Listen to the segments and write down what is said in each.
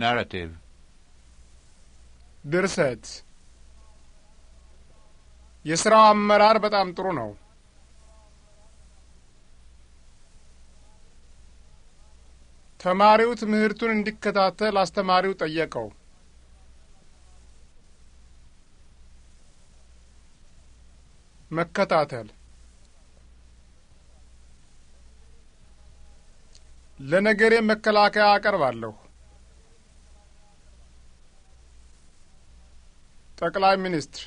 ናራቲቭ ድርሰት የስራው አመራር በጣም ጥሩ ነው። ተማሪው ትምህርቱን እንዲከታተል አስተማሪው ጠየቀው። መከታተል ለነገሬ መከላከያ አቀርባለሁ። ጠቅላይ ሚኒስትር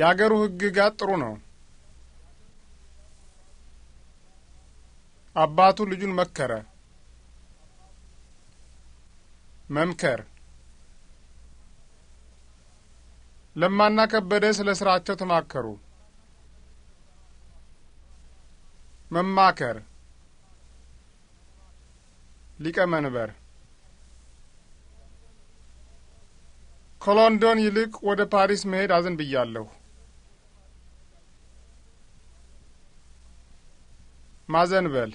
የአገሩ ሕግጋት ጥሩ ነው። አባቱ ልጁን መከረ። መምከር ለማና ከበደ ስለ ስራቸው ተማከሩ። መማከር ሊቀመንበር ከሎንዶን ይልቅ ወደ ፓሪስ መሄድ አዘንብያለሁ። ማዘንበል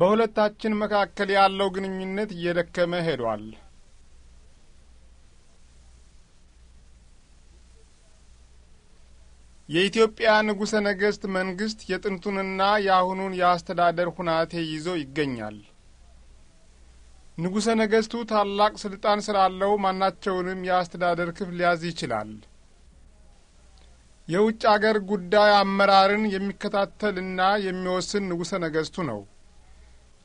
በሁለታችን መካከል ያለው ግንኙነት እየደከመ ሄዷል። የኢትዮጵያ ንጉሠ ነገሥት መንግሥት የጥንቱንና የአሁኑን የአስተዳደር ሁናቴ ይዞ ይገኛል። ንጉሠ ነገሥቱ ታላቅ ስልጣን ስላለው ማናቸውንም የአስተዳደር ክፍል ሊያዝ ይችላል። የውጭ አገር ጉዳይ አመራርን የሚከታተልና የሚወስን ንጉሠ ነገሥቱ ነው።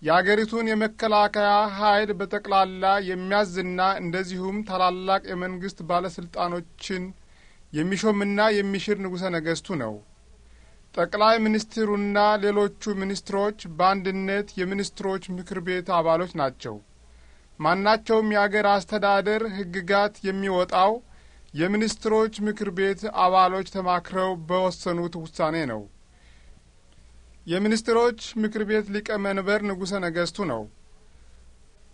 የአገሪቱን የመከላከያ ኃይል በጠቅላላ የሚያዝና እንደዚሁም ታላላቅ የመንግሥት ባለሥልጣኖችን የሚሾምና የሚሽር ንጉሠ ነገሥቱ ነው። ጠቅላይ ሚኒስትሩና ሌሎቹ ሚኒስትሮች በአንድነት የሚኒስትሮች ምክር ቤት አባሎች ናቸው። ማናቸውም የአገር አስተዳደር ሕግጋት የሚወጣው የሚኒስትሮች ምክር ቤት አባሎች ተማክረው በወሰኑት ውሳኔ ነው። የሚኒስትሮች ምክር ቤት ሊቀመንበር ንጉሠ ነገሥቱ ነው።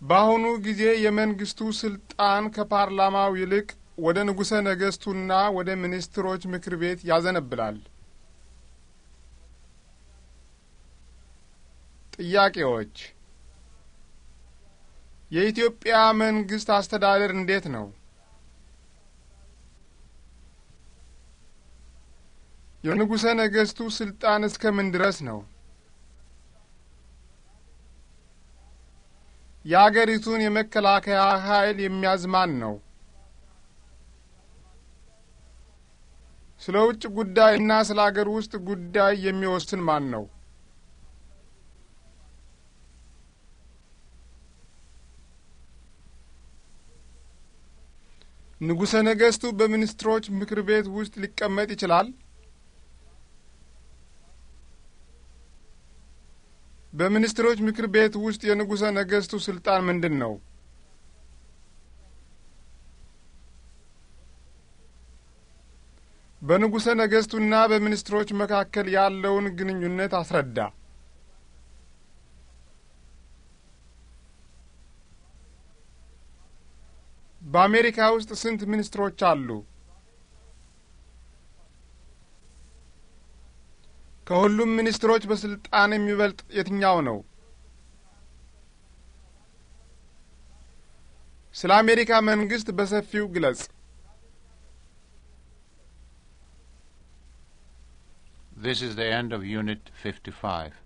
በአሁኑ ጊዜ የመንግስቱ ስልጣን ከፓርላማው ይልቅ ወደ ንጉሠ ነገሥቱና ወደ ሚኒስትሮች ምክር ቤት ያዘነብላል። ጥያቄዎች የኢትዮጵያ መንግስት አስተዳደር እንዴት ነው? የንጉሠ ነገሥቱ ስልጣን እስከ ምን ድረስ ነው? የአገሪቱን የመከላከያ ኃይል የሚያዝ ማን ነው? ስለ ውጭ እና ስለ አገር ውስጥ ጉዳይ የሚወስን ማን ነው? ንጉሠ ነገሥቱ በሚኒስትሮች ምክር ቤት ውስጥ ሊቀመጥ ይችላል? በሚኒስትሮች ምክር ቤት ውስጥ የንጉሠ ነገሥቱ ስልጣን ምንድን ነው? በንጉሠ ነገሥቱና በሚኒስትሮች መካከል ያለውን ግንኙነት አስረዳ። በአሜሪካ ውስጥ ስንት ሚኒስትሮች አሉ? ከሁሉም ሚኒስትሮች በስልጣን የሚበልጥ የትኛው ነው? ስለ አሜሪካ መንግስት በሰፊው ግለጽ። This is the end of Unit 55.